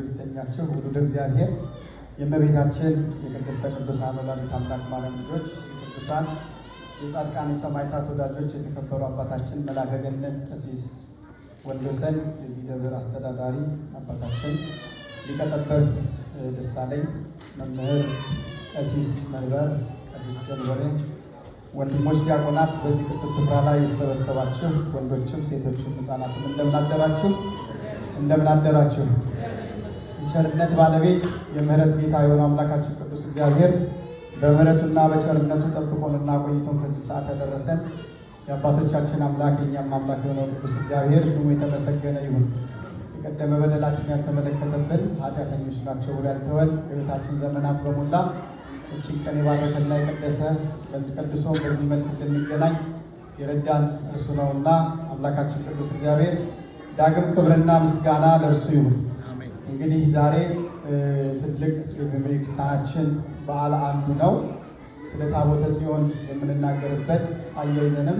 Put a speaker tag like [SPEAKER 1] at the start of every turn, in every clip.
[SPEAKER 1] የተሰኛችሁ ውሉደ እግዚአብሔር የእመቤታችን የቅድስተ ቅዱሳን ወላዲተ አምላክ ማርያም ልጆች የቅዱሳን የጻድቃን የሰማዕታት ወዳጆች የተከበሩ አባታችን መልአከ ገነት ቀሲስ ወንደሰን የዚህ ደብር አስተዳዳሪ አባታችን ሊቀ ጠበብት ደሳለኝ፣ መምህር ቀሲስ መንበር፣ ቀሲስ ገንበሬ፣ ወንድሞች ዲያቆናት፣ በዚህ ቅዱስ ስፍራ ላይ የተሰበሰባችሁ ወንዶችም ሴቶችም ሕፃናትም እንደምን አደራችሁ የቸርነት ባለቤት የምህረት ጌታ የሆነ አምላካችን ቅዱስ እግዚአብሔር በምህረቱና በቸርነቱ ጠብቆንና ቆይቶን ከዚህ ሰዓት ያደረሰን የአባቶቻችን አምላክ የእኛም አምላክ የሆነው ቅዱስ እግዚአብሔር ስሙ የተመሰገነ ይሁን። የቀደመ በደላችን ያልተመለከተብን ኃጢአተኞች ናቸው ወደ ያልተወን ሕይወታችን ዘመናት በሞላ እችን ቀን የባረከና የቀደሰ ቀድሶ በዚህ መልክ እንድንገናኝ የረዳን እርሱ ነውና አምላካችን ቅዱስ እግዚአብሔር ዳግም ክብርና ምስጋና ለእርሱ ይሁን። እንግዲህ ዛሬ ትልቅ የቤተክርስቲያናችን በዓል አንዱ ነው። ስለ ታቦተ ጽዮን የምንናገርበት አያይዘንም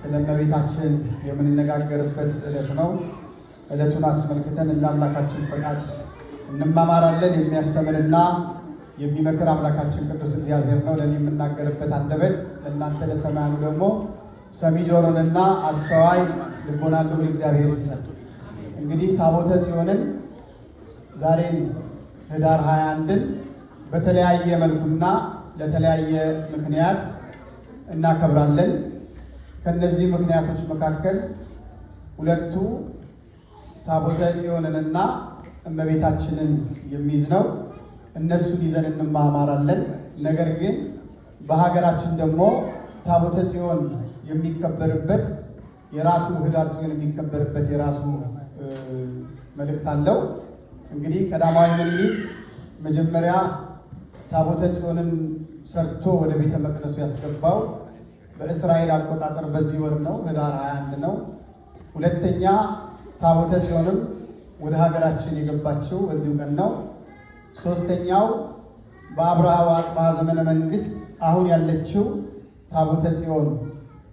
[SPEAKER 1] ስለ እመቤታችን የምንነጋገርበት ዕለት ነው። ዕለቱን አስመልክተን እንደ አምላካችን ፈቃድ እንማማራለን። የሚያስተምርና የሚመክር አምላካችን ቅዱስ እግዚአብሔር ነው። ለእኔ የምናገርበት አንደበት ለእናንተ ለሰማያኑ ደግሞ ሰሚ ጆሮንና አስተዋይ ልቦና እግዚአብሔር ይስጠን። እንግዲህ ታቦተ ጽዮንን ዛሬም ህዳር 21ን በተለያየ መልኩና ለተለያየ ምክንያት እናከብራለን። ከነዚህ ምክንያቶች መካከል ሁለቱ ታቦተ ጽዮንንና እመቤታችንን የሚይዝ ነው። እነሱን ይዘን እንማማራለን። ነገር ግን በሀገራችን ደግሞ ታቦተ ጽዮን የሚከበርበት የራሱ ህዳር ጽዮን የሚከበርበት የራሱ መልእክት አለው። እንግዲህ ቀዳማዊ ምኒልክ መጀመሪያ ታቦተ ጽዮንን ሰርቶ ወደ ቤተ መቅደሱ ያስገባው በእስራኤል አቆጣጠር በዚህ ወር ነው፣ ህዳር 21 ነው። ሁለተኛ ታቦተ ጽዮንም ወደ ሀገራችን የገባችው በዚሁ ቀን ነው። ሶስተኛው በአብርሃ ወአጽብሃ ዘመነ መንግስት አሁን ያለችው ታቦተ ጽዮን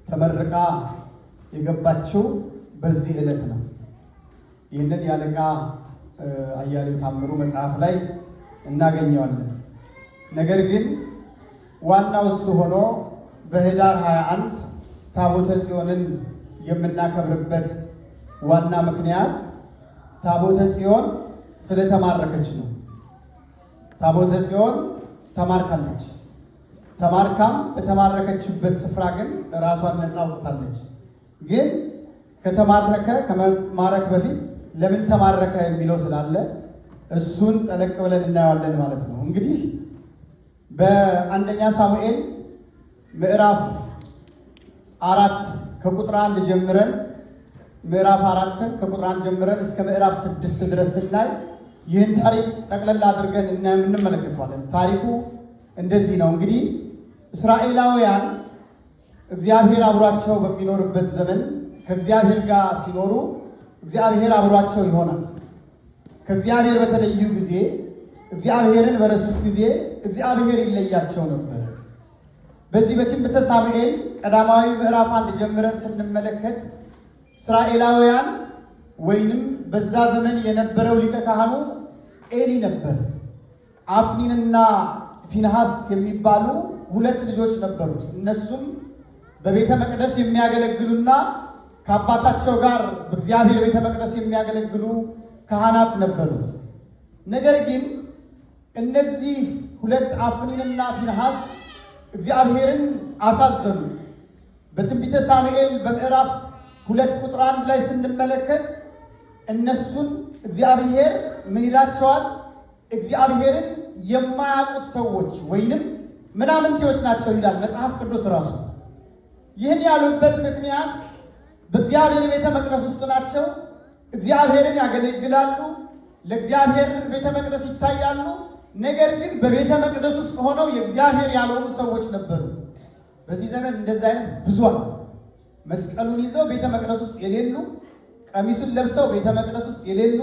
[SPEAKER 1] ተመርቃ የገባችው በዚህ ዕለት ነው። ይህንን ያለቃ አያሌው ታምሩ መጽሐፍ ላይ እናገኘዋለን። ነገር ግን ዋናው እሱ ሆኖ በህዳር 21 ታቦተ ጽዮንን የምናከብርበት ዋና ምክንያት ታቦተ ጽዮን ስለተማረከች ነው። ታቦተ ጽዮን ተማርካለች። ተማርካም በተማረከችበት ስፍራ ግን ራሷን ነፃ አውጥታለች። ግን ከተማረከ ከመማረክ በፊት ለምን ተማረከ የሚለው ስላለ እሱን ጠለቅ ብለን እናየዋለን ማለት ነው። እንግዲህ በአንደኛ ሳሙኤል ምዕራፍ አራት ከቁጥር አንድ ጀምረን ምዕራፍ አራትን ከቁጥር አንድ ጀምረን እስከ ምዕራፍ ስድስት ድረስ ስናይ ይህን ታሪክ ጠቅለላ አድርገን እንመለከተዋለን። ታሪኩ እንደዚህ ነው። እንግዲህ እስራኤላውያን እግዚአብሔር አብሯቸው በሚኖርበት ዘመን ከእግዚአብሔር ጋር ሲኖሩ እግዚአብሔር አብሯቸው ይሆናል። ከእግዚአብሔር በተለዩ ጊዜ እግዚአብሔርን በረሱት ጊዜ እግዚአብሔር ይለያቸው ነበር። በዚህ በትንቢተ ሳሙኤል ቀዳማዊ ምዕራፍ አንድ ጀምረን ስንመለከት እስራኤላውያን ወይንም በዛ ዘመን የነበረው ሊቀ ካህኑ ኤሊ ነበር። አፍኒንና ፊንሃስ የሚባሉ ሁለት ልጆች ነበሩት። እነሱም በቤተ መቅደስ የሚያገለግሉና ከአባታቸው ጋር በእግዚአብሔር ቤተ መቅደስ የሚያገለግሉ ካህናት ነበሩ። ነገር ግን እነዚህ ሁለት አፍኒንና ፊንሐስ እግዚአብሔርን አሳዘኑት። በትንቢተ ሳሙኤል በምዕራፍ ሁለት ቁጥር አንድ ላይ ስንመለከት እነሱን እግዚአብሔር ምን ይላቸዋል? እግዚአብሔርን የማያውቁት ሰዎች ወይንም ምናምንቴዎች ናቸው ይላል መጽሐፍ ቅዱስ ራሱ። ይህን ያሉበት ምክንያት በእግዚአብሔር ቤተ መቅደስ ውስጥ ናቸው። እግዚአብሔርን ያገለግላሉ። ለእግዚአብሔር ቤተ መቅደስ ይታያሉ። ነገር ግን በቤተ መቅደስ ውስጥ ሆነው የእግዚአብሔር ያልሆኑ ሰዎች ነበሩ። በዚህ ዘመን እንደዚህ አይነት ብዙ አሉ። መስቀሉን ይዘው ቤተ መቅደስ ውስጥ የሌሉ፣ ቀሚሱን ለብሰው ቤተ መቅደስ ውስጥ የሌሉ፣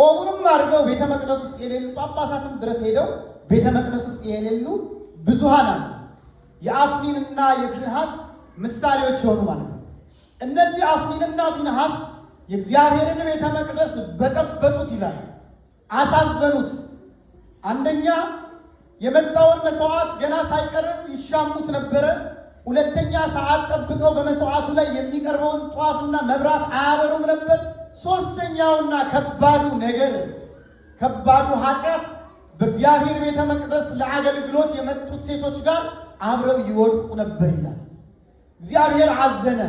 [SPEAKER 1] ቆቡንም አድርገው ቤተ መቅደስ ውስጥ የሌሉ፣ ጳጳሳትም ድረስ ሄደው ቤተ መቅደስ ውስጥ የሌሉ ብዙሃን አሉ። የአፍኒንና የፊንሃስ ምሳሌዎች የሆኑ ማለት ነው። እነዚህ አፍኒንና ፊንሐስ የእግዚአብሔርን ቤተ መቅደስ በጠበጡት ይላል። አሳዘኑት። አንደኛ የመጣውን መስዋዕት ገና ሳይቀርብ ይሻሙት ነበረ። ሁለተኛ ሰዓት ጠብቀው በመስዋዕቱ ላይ የሚቀርበውን ጧፍና መብራት አያበሩም ነበር። ሦስተኛውና ከባዱ ነገር ከባዱ ኃጢአት በእግዚአብሔር ቤተ መቅደስ ለአገልግሎት የመጡት ሴቶች ጋር አብረው ይወድቁ ነበር ይላል። እግዚአብሔር አዘነ።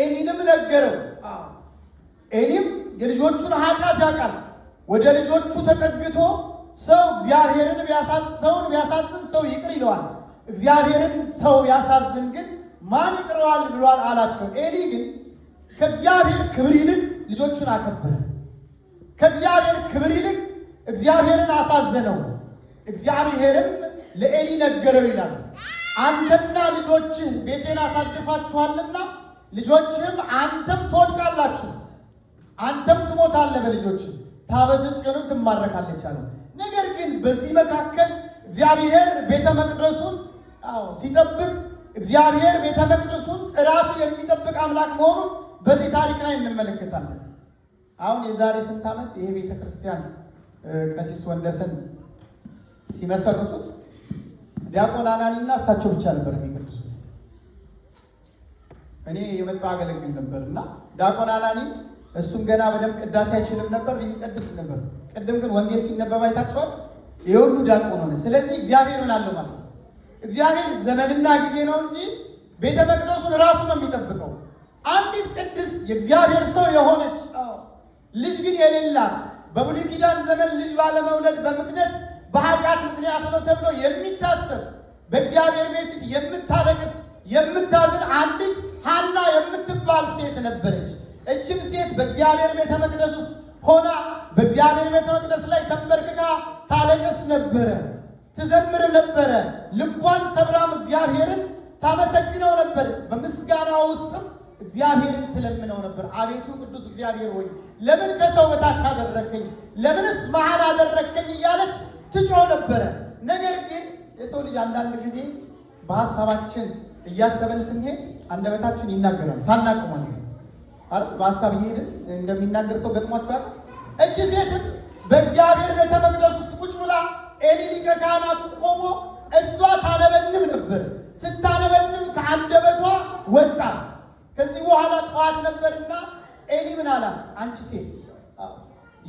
[SPEAKER 1] ኤሊንም ነገረው። ኤሊም የልጆቹን ኃጢአት ያውቃል። ወደ ልጆቹ ተጠግቶ ሰው እግዚአብሔርን ሰውን ቢያሳዝን ሰው ይቅር ይለዋል፣ እግዚአብሔርን ሰው ቢያሳዝን ግን ማን ይቅረዋል ብሏል አላቸው። ኤሊ ግን ከእግዚአብሔር ክብር ይልቅ ልጆቹን አከበረ። ከእግዚአብሔር ክብር ይልቅ እግዚአብሔርን አሳዘነው። እግዚአብሔርም ለኤሊ ነገረው ይላል አንተና ልጆችህ ቤቴን አሳድፋችኋልና ልጆችም አንተም ትወድቃላችሁ፣ አንተም ትሞታለህ፣ በልጆች ታበተ ጽዮንም ትማረካለች አለው። ነገር ግን በዚህ መካከል እግዚአብሔር ቤተ መቅደሱን አዎ ሲጠብቅ እግዚአብሔር ቤተ መቅደሱን እራሱ የሚጠብቅ አምላክ መሆኑን በዚህ ታሪክ ላይ እንመለከታለን። አሁን የዛሬ ስንት ዓመት ይሄ ቤተ ክርስቲያን ቀሲስ ወንደሰን ሲመሰርቱት ዲያቆን አናኒና እሳቸው ብቻ ነበር የሚቀድሱት። እኔ የመጣው አገለግል ነበር እና ዲያቆን አናኒ እሱም ገና በደንብ ቅዳሴ አይችልም ነበር፣ ይቀድስ ነበር። ቅድም ግን ወንጌል ሲነበብ አይታችኋል። የሁሉ ዲያቆን ሆነ። ስለዚህ እግዚአብሔር ምን አለው ማለት ነው? እግዚአብሔር ዘመንና ጊዜ ነው እንጂ ቤተ መቅደሱን ራሱ ነው የሚጠብቀው። አንዲት ቅድስት የእግዚአብሔር ሰው የሆነች ልጅ ግን የሌላት በብሉይ ኪዳን ዘመን ልጅ ባለመውለድ በምክንያት በኃጢአት ምክንያት ነው ተብሎ የሚታሰብ በእግዚአብሔር ቤት የምታለቅስ የምታዝን አንዲት ሐና የምትባል ሴት ነበረች። እችም ሴት በእግዚአብሔር ቤተ መቅደስ ውስጥ ሆና በእግዚአብሔር ቤተ መቅደስ ላይ ተንበርክካ ታለቅስ ነበረ፣ ትዘምር ነበረ። ልቧን ሰብራም እግዚአብሔርን ታመሰግነው ነበር። በምስጋና ውስጥም እግዚአብሔርን ትለምነው ነበር። አቤቱ ቅዱስ እግዚአብሔር ሆይ ለምን ከሰው በታች አደረግከኝ? ለምንስ መሃል አደረግከኝ? እያለች ትጮ ነበረ። ነገር ግን የሰው ልጅ አንዳንድ ጊዜ በሀሳባችን እያሰበን ስንሄድ አንደበታችን ይናገራል ሳናውቅ ማለት ነው። በሀሳብ እየሄድን እንደሚናገር ሰው ገጥሟችኋል። እጅ ሴትም በእግዚአብሔር ቤተ መቅደስ ውስጥ ቁጭ ብላ ኤሊ ሊቀ ካህናቱ ቆሞ እሷ ታነበንም ነበር። ስታነበንም ከአንደበቷ ወጣ። ከዚህ በኋላ ጠዋት ነበርና ኤሊ ምን አላት? አንቺ ሴት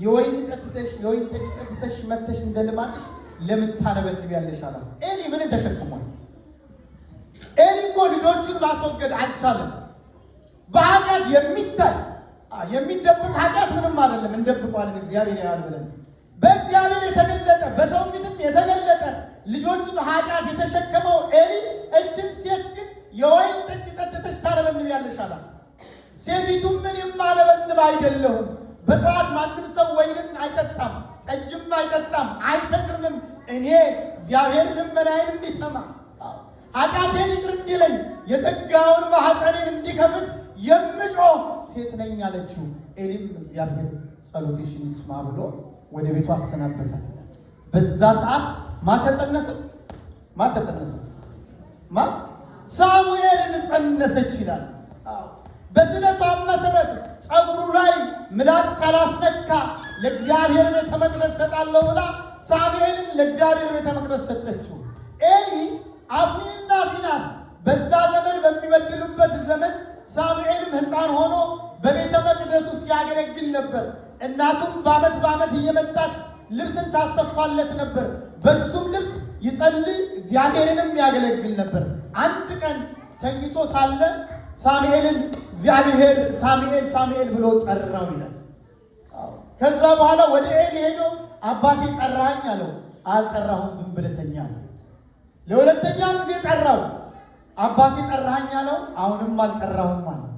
[SPEAKER 1] የወይን ጠጥተሽ የወይን ጠጅ ጠጥተሽ መተሽ እንደልማለሽ ለምን ታነበንብ ያለሽ አላት። ኤሊ ምን ተሸክሟል? ኤሊ እኮ ልጆቹን ማስወገድ አልቻለም። በኃጢአት የሚታይ የሚደብቅ ኃጢአት ምንም አይደለም፣ እንደብቋለን እግዚአብሔር ያህል ብለን በእግዚአብሔር የተገለጠ በሰው ፊትም የተገለጠ ልጆቹን ኃጢአት የተሸከመው ኤሊ እችን ሴት ግን የወይን ጠጅ ጠጥተሽ ታለበንብ ያለሽ አላት። ሴቲቱም ምን የማለበንብ አይደለሁም፣ በጠዋት ማንም ሰው ወይንን አይጠጣም፣ ጠጅም አይጠጣም፣ አይሰክርምም። እኔ እግዚአብሔር ልመናዬን እንዲሰማ ኃጢአቴን ይቅር እንዲለኝ የዘጋውን ማኅፀኔን እንዲከፍት የምጮ ሴት ነኝ አለችው። ኤሊም እግዚአብሔር ጸሎትሽን ይስማ ብሎ ወደ ቤቱ አሰናበታት። በዛ ሰዓት ማተጸነሰ ማተጸነሰ ማ ሳሙኤልን ጸነሰች ይላል። በስለቷም መሰረት ጸጉሩ ላይ ምላጭ ሳላስነካ ለእግዚአብሔር ቤተ መቅደስ ሰጣለሁ ብላ ሳሙኤልን ለእግዚአብሔር ቤተ መቅደስ ሰጠችው። ኤሊ አፍኒንና ፊናስ በዛ ዘመን በሚበድሉበት ዘመን ሳሙኤልም ሕፃን ሆኖ በቤተ መቅደስ ውስጥ ያገለግል ነበር። እናቱም በዓመት በዓመት እየመጣች ልብስን ታሰፋለት ነበር። በሱም ልብስ ይጸልይ እግዚአብሔርንም ያገለግል ነበር። አንድ ቀን ተኝቶ ሳለ ሳሙኤልን እግዚአብሔር ሳሙኤል ሳሙኤል ብሎ ጠራው ይላል። ከዛ በኋላ ወደ ኤሊ ሄዶ አባቴ ጠራኝ አለው። አልጠራሁም ዝም ነው ለሁለተኛም ጊዜ ጠራው። አባቴ ጠራኸኝ አለው። አሁንም አልጠራሁም አለው።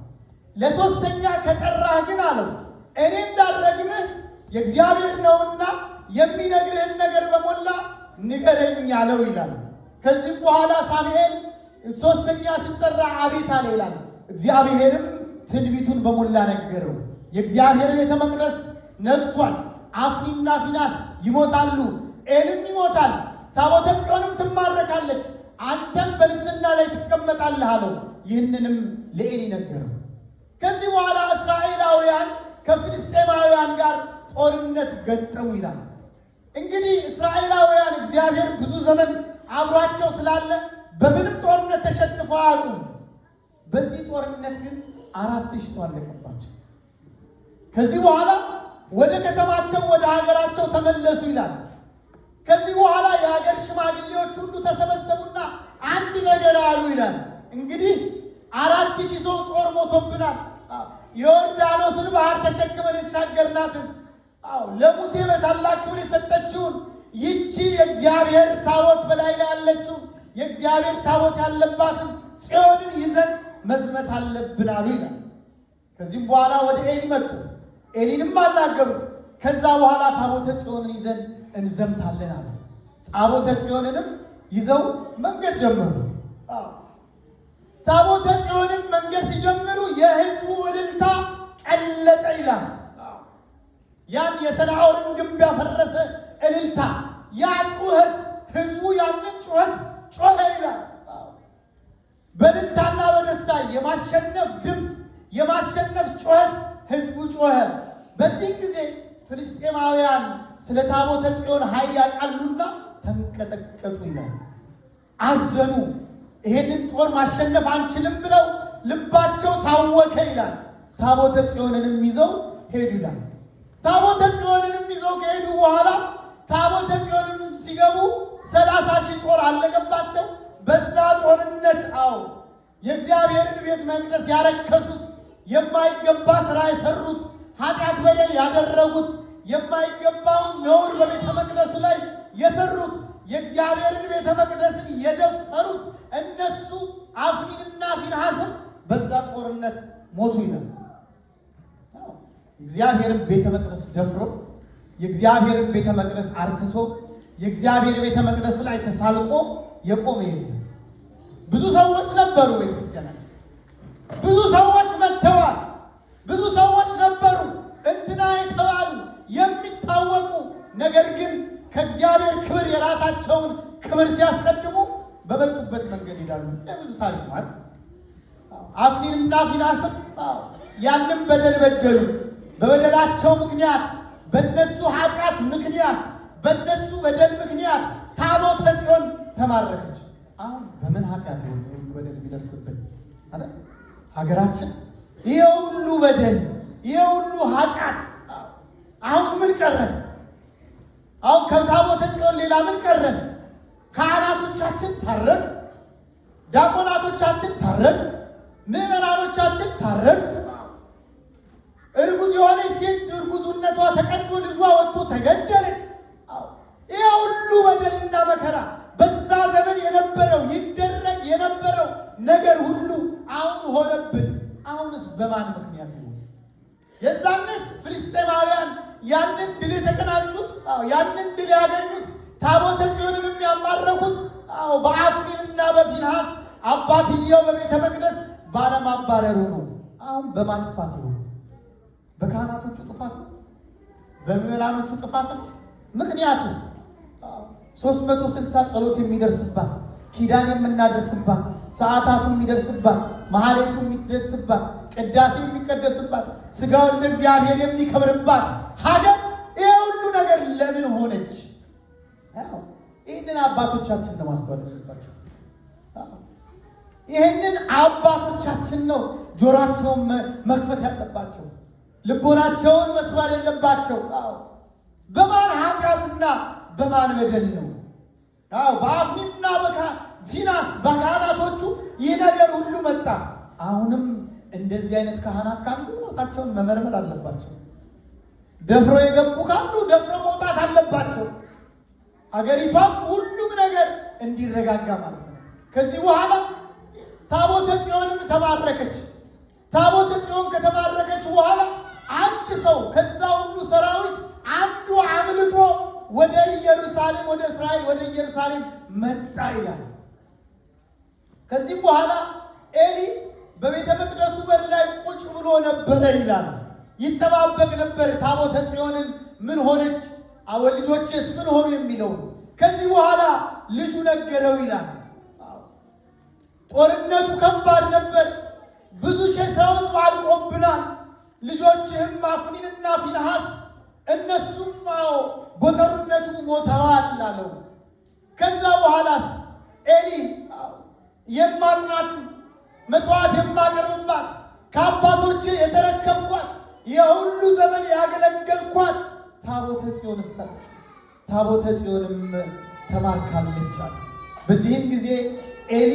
[SPEAKER 1] ለሶስተኛ ከጠራህ ግን አለው እኔ እንዳልረግምህ የእግዚአብሔር ነውና የሚነግርህን ነገር በሞላ ንገረኝ አለው ይላል። ከዚህም በኋላ ሳሙኤል ሶስተኛ ስጠራ አቤት አለ ይላል። እግዚአብሔርም ትንቢቱን በሞላ ነገረው። የእግዚአብሔር ቤተ መቅደስ ነግሷል። አፍኒና ፊናስ ይሞታሉ፣ ኤልም ይሞታል ታቦተ ጽዮንም ትማረካለች፣ አንተም በንግሥና ላይ ትቀመጣለህ አለው። ይህንንም ለኤሊ ነገረው። ከዚህ በኋላ እስራኤላውያን ከፍልስጤማውያን ጋር ጦርነት ገጠሙ ይላል። እንግዲህ እስራኤላውያን እግዚአብሔር ብዙ ዘመን አብሯቸው ስላለ በምንም ጦርነት ተሸንፈው አሉ በዚህ ጦርነት ግን አራት ሺህ ሰው አለቀባቸው። ከዚህ በኋላ ወደ ከተማቸው ወደ ሀገራቸው ተመለሱ ይላል። ከዚህ በኋላ የሀገር ሽማግሌዎች ሁሉ ተሰበሰቡና አንድ ነገር አሉ ይላል። እንግዲህ አራት ሺህ ሰው ጦር ሞቶብናል። የዮርዳኖስን ባህር ተሸክመን የተሻገርናትን ለሙሴ በታላቅ ክብር የሰጠችውን ይቺ የእግዚአብሔር ታቦት በላይ ላይ ያለችው የእግዚአብሔር ታቦት ያለባትን ጽዮንን ይዘን መዝመት አለብን አሉ ይላል። ከዚህም በኋላ ወደ ኤሊ መጡ፣ ኤሊንም አናገሩት። ከዛ በኋላ ታቦተ ጽዮንን ይዘን እንዘምታለን አለ። ታቦተ ጽዮንንም ይዘው መንገድ ጀመሩ። ታቦተ ጽዮንን መንገድ ሲጀምሩ የህዝቡ እልልታ ቀለጠ ይላል። ያን የሰናዖርን ግንብ ያፈረሰ እልልታ፣ ያ ጩኸት፣ ህዝቡ ያንን ጩኸት ጮኸ ይላል። በእልልታና በደስታ የማሸነፍ ድምፅ፣ የማሸነፍ ጩኸት ህዝቡ ጮኸ። በዚህ ጊዜ ፍልስጤማውያን ስለ ታቦተ ጽዮን ኃይል ያቃሉና ተንቀጠቀጡ ይላል። አዘኑ። ይሄንን ጦር ማሸነፍ አንችልም ብለው ልባቸው ታወከ ይላል። ታቦተ ጽዮንንም ይዘው ሄዱ ይላል። ታቦተ ጽዮንንም ይዘው ከሄዱ በኋላ ታቦተ ጽዮንም ሲገቡ ሰላሳ ሺህ ጦር አለቀባቸው። በዛ ጦርነት አው የእግዚአብሔርን ቤት መቅደስ ያረከሱት የማይገባ ስራ የሰሩት ኃጢአት፣ በደል ያደረጉት የማይገባውን ነውር በቤተ መቅደሱ ላይ የሰሩት የእግዚአብሔርን ቤተ መቅደስን የደፈሩት እነሱ አፍኒንና ፊንሐስን በዛ ጦርነት ሞቱ ይላል። እግዚአብሔርን ቤተ መቅደስ ደፍሮ የእግዚአብሔርን ቤተ መቅደስ አርክሶ የእግዚአብሔር ቤተ መቅደስ ላይ ተሳልቆ የቆመ የለም። ብዙ ሰዎች ነበሩ ቤተክርስቲያናችን። ብዙ ሰዎች መጥተዋል። ብዙ ሰው እንትና የተባሉ የሚታወቁ ነገር ግን ከእግዚአብሔር ክብር የራሳቸውን ክብር ሲያስቀድሙ በመጡበት መንገድ ሄዳሉ። የብዙ ታሪክ ማለት አፍኒንና ፊናስም ያንም በደል በደሉ። በበደላቸው ምክንያት፣ በነሱ ኃጢአት ምክንያት፣ በነሱ በደል ምክንያት ታቦት ጽዮን ተማረከች። አሁን በምን ኃጢአት የሆነ በደል የሚደርስብን ሀገራችን ይሄ ሁሉ በደል ይህ ሁሉ ኃጢአት አሁን ምን ቀረን? አሁን ከታቦተ ጽዮን ሌላ ምን ቀረን? ካህናቶቻችን ታረዱ፣ ዲያቆናቶቻችን ታረዱ፣ ምዕመናኖቻችን ታረዱ። እርጉዝ የሆነች ሴት እርጉዝነቷ ተቀዶ ልጇ ወጥቶ ተገደለ። ያንን ድል ያገኙት ታቦተ ጽዮንንም ያማረኩት በአፍኒንና በፊንሃስ አባትየው በቤተ መቅደስ ባለማባረሩ ነው። አሁን በማጥፋት ይሆን በካህናቶቹ ጥፋት ነው፣ በምዕመናኖቹ ጥፋት ነው። ምክንያቱ ውስጥ ጸሎት የሚደርስባት ኪዳን የምናደርስባት ሰዓታቱ የሚደርስባት መሐሌቱ የሚደርስባት ቅዳሴ የሚቀደስባት ስጋውን ለእግዚአብሔር የሚከብርባት ሀገር ይህንን አባቶቻችን ነው ማስተዋል ያለባቸው። ይህንን አባቶቻችን ነው ጆሯቸውን መክፈት ያለባቸው፣ ልቦናቸውን መስዋር ያለባቸው። በማን ኃጢአትና በማን በደል ነው? አዎ በአፍኒና በካ ፊናስ በካህናቶቹ ይህ ነገር ሁሉ መጣ። አሁንም እንደዚህ አይነት ካህናት ካሉ ራሳቸውን መመርመር አለባቸው። ደፍሮ የገቡ ካሉ ደፍሮ መውጣት አለባቸው። አገሪቷም ሁሉም ነገር እንዲረጋጋ ማለት ነው። ከዚህ በኋላ ታቦተ ጽዮንም ተባረከች። ታቦተ ጽዮን ከተባረከች በኋላ አንድ ሰው ከዛ ሁሉ ሰራዊት አንዱ አምልጦ ወደ ኢየሩሳሌም ወደ እስራኤል ወደ ኢየሩሳሌም መጣ ይላል። ከዚህም በኋላ ኤሊ በቤተ መቅደሱ በር ላይ ቁጭ ብሎ ነበረ ይላል። ይጠባበቅ ነበር ታቦተ ጽዮንን ምን ሆነች ልጆችስ ምን ሆኑ የሚለው! ከዚህ በኋላ ልጁ ነገረው ይላል። ጦርነቱ ከባድ ነበር። ብዙ ሺህ ሰው ሕዝብ አልቆብናል። ልጆችህም አፍኒንና ፊንሐስ እነሱም አዎ በጦርነቱ ሞተዋል አለው። ከዛ በኋላስ ኤሊ የማጥናት መስዋዕት የማቀርብባት ከአባቶቼ የተረከብኳት የሁሉ ዘመን ያገለገልኳት ታቦተ ጽዮን ሰራ ታቦተ ጽዮንም ተማርካለች አለ። በዚህም ጊዜ ኤሊ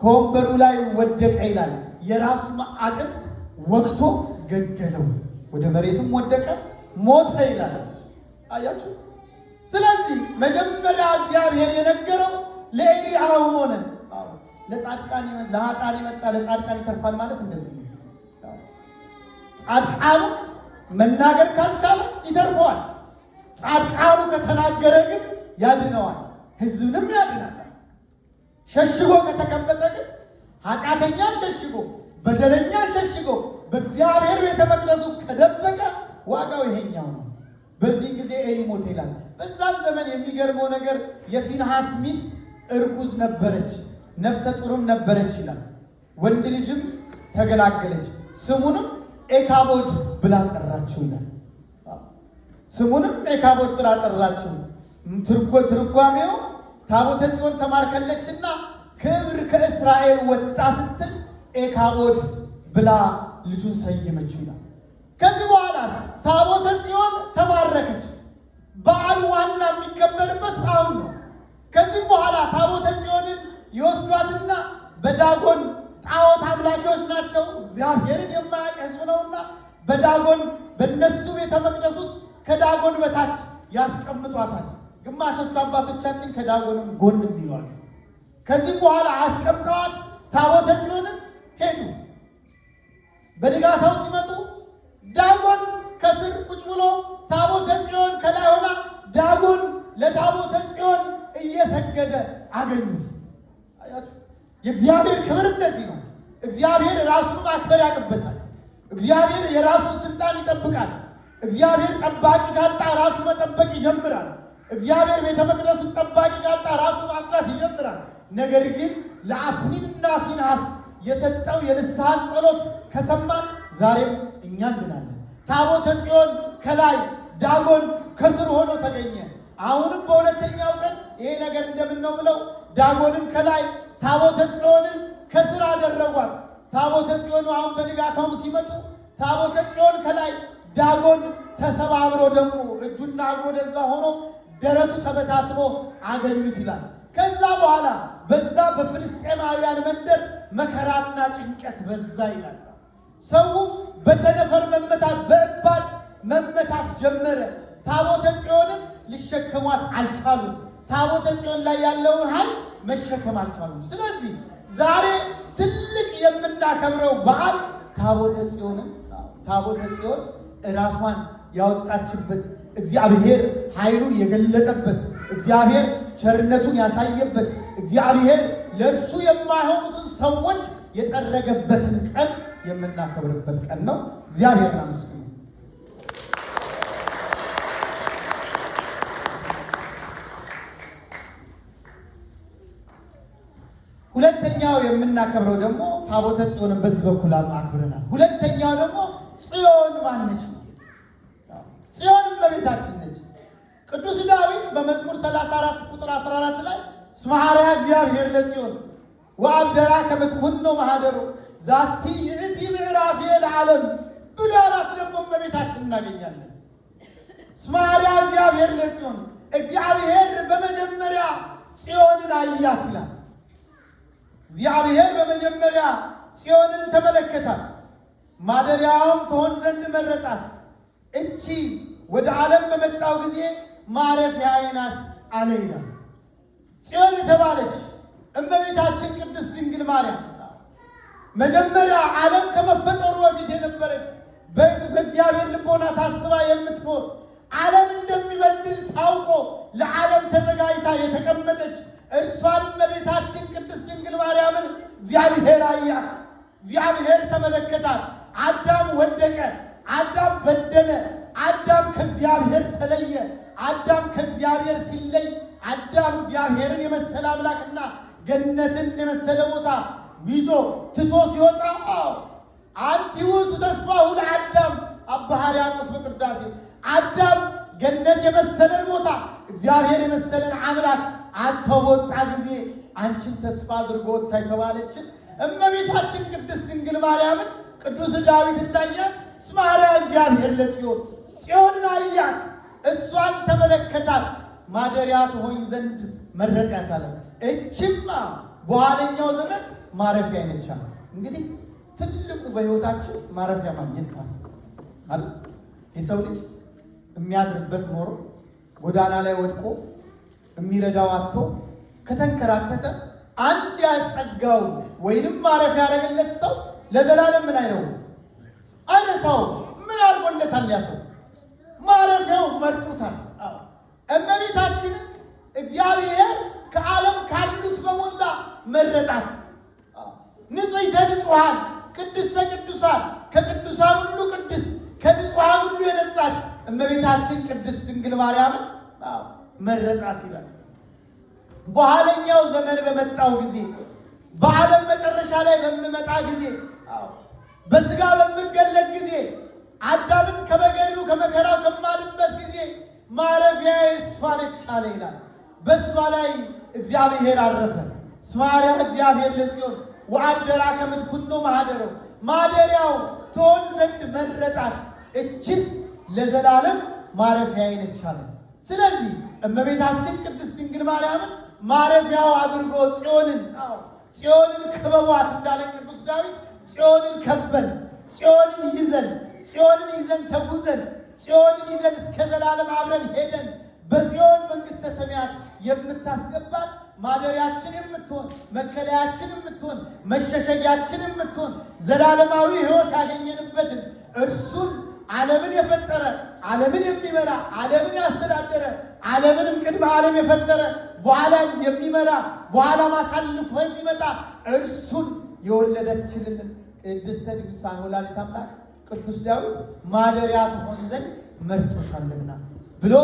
[SPEAKER 1] ከወንበሩ ላይ ወደቀ ይላል። የራሱ አጥንት ወቅቶ ገደለው፣ ወደ መሬትም ወደቀ ሞተ ይላል። አያችሁ። ስለዚህ መጀመሪያ እግዚአብሔር የነገረው ለኤሊ አሁን ሆነ። ለጻድቃን ለኃጥአን የመጣ ለጻድቃን ይተርፋል ማለት እንደዚህ ነው። ጻድቃኑ መናገር ካልቻለ ይተርፈዋል። ጻድቃኑ ከተናገረ ግን ያድነዋል፣ ህዝብንም ያድናል። ሸሽጎ ከተቀመጠ ግን ኃጢአተኛን ሸሽጎ በደለኛን ሸሽጎ በእግዚአብሔር ቤተ መቅደስ ውስጥ ከደበቀ ዋጋው ይሄኛው ነው። በዚህ ጊዜ ኤሊ ሞተ ይላል። በዛን ዘመን የሚገርመው ነገር የፊንሃስ ሚስት እርጉዝ ነበረች፣ ነፍሰ ጡርም ነበረች ይላል። ወንድ ልጅም ተገላገለች ስሙንም ኤካቦድ ብላ ጠራችሁ ይላል። ስሙንም ኤካቦድ ጥራ ጠራችሁ። ትርጎ ትርጓሜው ታቦተ ጽዮን ተማርከለችና ክብር ከእስራኤል ወጣ ስትል ኤካቦድ ብላ ልጁን ሰየመችው ይላል። ከዚህ በኋላስ ታቦተ ጽዮን ተባረከች። በዓሉ ዋና የሚከበርበት አሁን ነው። ከዚህም በኋላ ታቦተ ጽዮንን ይወስዷትና በዳጎን ጣዖት አምላኪዎች ናቸው። እግዚአብሔርን የማያውቅ ሕዝብ ነውና በዳጎን በእነሱ ቤተ መቅደስ ውስጥ ከዳጎን በታች ያስቀምጧታል። ግማሾቹ አባቶቻችን ከዳጎንም ጎን ይሏል። ከዚህ በኋላ አስቀምጠዋት ታቦተ ጽዮንን ሄዱ። በንጋታው ሲመጡ ዳጎን ከስር ቁጭ ብሎ ታቦተ ጽዮን ከላይ ሆና ዳጎን ለታቦተ ጽዮን እየሰገደ አገኙት። የእግዚአብሔር ክብር እንደዚህ ነው። እግዚአብሔር ራሱን ማክበር ያቅበታል። እግዚአብሔር የራሱን ስልጣን ይጠብቃል። እግዚአብሔር ጠባቂ ካጣ ራሱ መጠበቅ ይጀምራል። እግዚአብሔር ቤተ መቅደሱን ጠባቂ ካጣ ራሱ ማጽዳት ይጀምራል። ነገር ግን ለአፍኒና ፊናስ የሰጠው የንስሐን ጸሎት ከሰማን ዛሬም እኛ እንድናለን። ታቦተ ጽዮን ከላይ ዳጎን ከስር ሆኖ ተገኘ። አሁንም በሁለተኛው ቀን ይሄ ነገር እንደምን ነው ብለው ዳጎንም ከላይ ታቦተ ጽዮንን ከስር አደረጓት። ታቦተ ጽዮን አሁን በንጋታውም ሲመጡ ታቦተ ጽዮን ከላይ ዳጎን ተሰባብሮ ደግሞ እጁና እግሩ ወደዛ ሆኖ ደረቱ ተበታትኖ አገኙት ይላል። ከዛ በኋላ በዛ በፍልስጤማውያን መንደር መከራና ጭንቀት በዛ ይላል። ሰውም በቸነፈር መመታት በእባጭ መመታት ጀመረ። ታቦተ ጽዮንን ሊሸከሟት አልቻሉም። ታቦተ ጽዮን ላይ ያለውን ኃይል መሸከም አልቻሉም። ስለዚህ ዛሬ ትልቅ የምናከብረው በዓል ታቦተ ጽዮንን ታቦተ ጽዮን ራሷን ያወጣችበት እግዚአብሔር ኃይሉን የገለጠበት እግዚአብሔር ቸርነቱን ያሳየበት እግዚአብሔር ለእርሱ የማይሆኑትን ሰዎች የጠረገበትን ቀን የምናከብርበት ቀን ነው። እግዚአብሔር ናምስ ሁለተኛው የምናከብረው ደግሞ ታቦተ ጽዮንን በዚህ በኩል አክብረናል። ሁለተኛው ደግሞ ጽዮን ማነች? ጽዮንም እመቤታችን ነች። ቅዱስ ዳዊት በመዝሙር 34 ቁጥር 14 ላይ እስመ እግዚአብሔር ለጽዮን ወአብደራ ከመ ነው ማኅደሮ ዛቲ ይእቲ ምዕራፍ ለዓለም ብዳራት ደግሞ እመቤታችን እናገኛለን። እስመ እግዚአብሔር ለጽዮን እግዚአብሔር በመጀመሪያ ጽዮንን አያት ይላል። እግዚአብሔር በመጀመሪያ ጽዮንን ተመለከታት፣ ማደሪያውም ትሆን ዘንድ መረጣት። እቺ ወደ ዓለም በመጣው ጊዜ ማረፊያዬ ናት አለ ይላል። ጽዮን የተባለች እመቤታችን ቅድስት ድንግል ማርያም መጀመሪያ ዓለም ከመፈጠሩ በፊት የነበረች በእግዚአብሔር ልቦና ታስባ የምትኖር ዓለም እንደሚበድል ታውቆ ለዓለም ተዘጋጅታ የተቀመጠች እርሷን እመቤታችን ቅድስት ድንግል ማርያምን እግዚአብሔር አያት፣ እግዚአብሔር ተመለከታት። አዳም ወደቀ፣ አዳም በደለ፣ አዳም ከእግዚአብሔር ተለየ። አዳም ከእግዚአብሔር ሲለይ አዳም እግዚአብሔርን የመሰለ አምላክና ገነትን የመሰለ ቦታ ይዞ ትቶ ሲወጣ አንድ ይውቱ ተስፋሁ ለአዳም አባ ሕርያቆስ በቅዳሴ አዳም ገነት የመሰለን ቦታ እግዚአብሔር የመሰለን አምላክ አንተ በወጣ ጊዜ አንቺን ተስፋ አድርጎ ወጣ የተባለችን እመቤታችን ቅድስት ድንግል ማርያምን ቅዱስ ዳዊት እንዳየ ስማርያ እግዚአብሔር ለጽዮን ጽዮንን አያት፣ እሷን ተመለከታት፣ ማደሪያ ትሆኝ ዘንድ መረጥያት አለ። እችማ በኋለኛው ዘመን ማረፊያ ነች እንግዲህ ትልቁ በህይወታችን ማረፊያ ማግኘት ማለት የሰው ልጅ የሚያድርበት ኖሮ ጎዳና ላይ ወድቆ የሚረዳው አጥቶ ከተንከራተተ አንድ ያስጠጋው ወይንም ማረፍ ያደረገለት ሰው ለዘላለም ምን አይለው አይረሳው። ምን አድርጎለታል? ያ ሰው ማረፊያው መርጦታል። እመቤታችን እግዚአብሔር ከዓለም ካሉት በሞላ መረጣት። ንጽሕተ ንጹሐን፣ ቅድስተ ቅዱሳን፣ ከቅዱሳን ሁሉ ቅድስት፣ ከንጹሐን ሁሉ የነጻች እመቤታችን ቅድስት ድንግል ማርያምን መረጣት ይላል። በኋለኛው ዘመን በመጣው ጊዜ በዓለም መጨረሻ ላይ በምመጣ ጊዜ በስጋ በምገለጥ ጊዜ አዳምን ከመገሪሉ ከመከራው ከማልበት ጊዜ ማረፊያ እሷ ነች አለ ይላል። በእሷ ላይ እግዚአብሔር አረፈ። ስማርያ እግዚአብሔር ለጽዮን ወአደራ ከምትኩኖ ማህደረው ማደሪያው ትሆን ዘንድ መረጣት እችስ ለዘላለም ማረፊያ ነች ስለዚህ እመቤታችን ቅድስት ድንግል ማርያምን ማረፊያው አድርጎ ጽዮንን ጽዮንን ክበቧት እንዳለ ቅዱስ ዳዊት ጽዮንን ከበን፣ ጽዮንን ይዘን፣ ጽዮንን ይዘን ተጉዘን፣ ጽዮንን ይዘን እስከ ዘላለም አብረን ሄደን በጽዮን መንግሥተ ሰማያት የምታስገባል ማደሪያችን የምትሆን መከለያችን የምትሆን መሸሸጊያችን የምትሆን ዘላለማዊ ሕይወት ያገኘንበትን እርሱን ዓለምን የፈጠረ ዓለምን የሚመራ ዓለምን ያስተዳደረ ዓለምንም ቅድመ ዓለም የፈጠረ በኋላም የሚመራ በኋላም አሳልፎ የሚመጣ እርሱን የወለደችልን ቅድስተ ቅዱሳን ወላዲተ አምላክ ቅዱስ ዳዊት ማደሪያ ትሆን ዘንድ መርጦሻልና ብሎ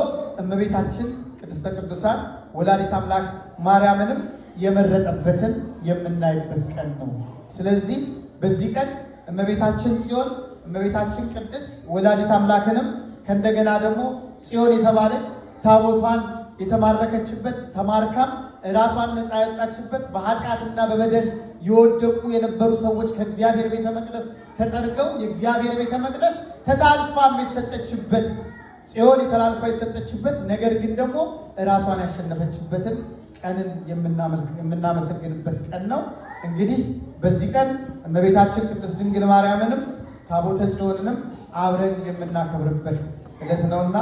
[SPEAKER 1] እመቤታችን ቅድስተ ቅዱሳን ወላዲተ አምላክ ማርያምንም የመረጠበትን የምናይበት ቀን ነው። ስለዚህ በዚህ ቀን እመቤታችን ጽዮን እመቤታችን ቅድስት ወላዲት አምላክንም ከእንደገና ደግሞ ጽዮን የተባለች ታቦቷን የተማረከችበት ተማርካም ራሷን ነፃ ያወጣችበት በኃጢአትና በበደል የወደቁ የነበሩ ሰዎች ከእግዚአብሔር ቤተ መቅደስ ተጠርገው የእግዚአብሔር ቤተ መቅደስ ተጣልፋም የተሰጠችበት ጽዮን የተላልፋ የተሰጠችበት ነገር ግን ደግሞ ራሷን ያሸነፈችበትን ቀንን የምናመሰግንበት ቀን ነው። እንግዲህ በዚህ ቀን እመቤታችን ቅድስት ድንግል ማርያምንም ታቦተ ጽዮንንም አብረን የምናከብርበት ዕለት ነውና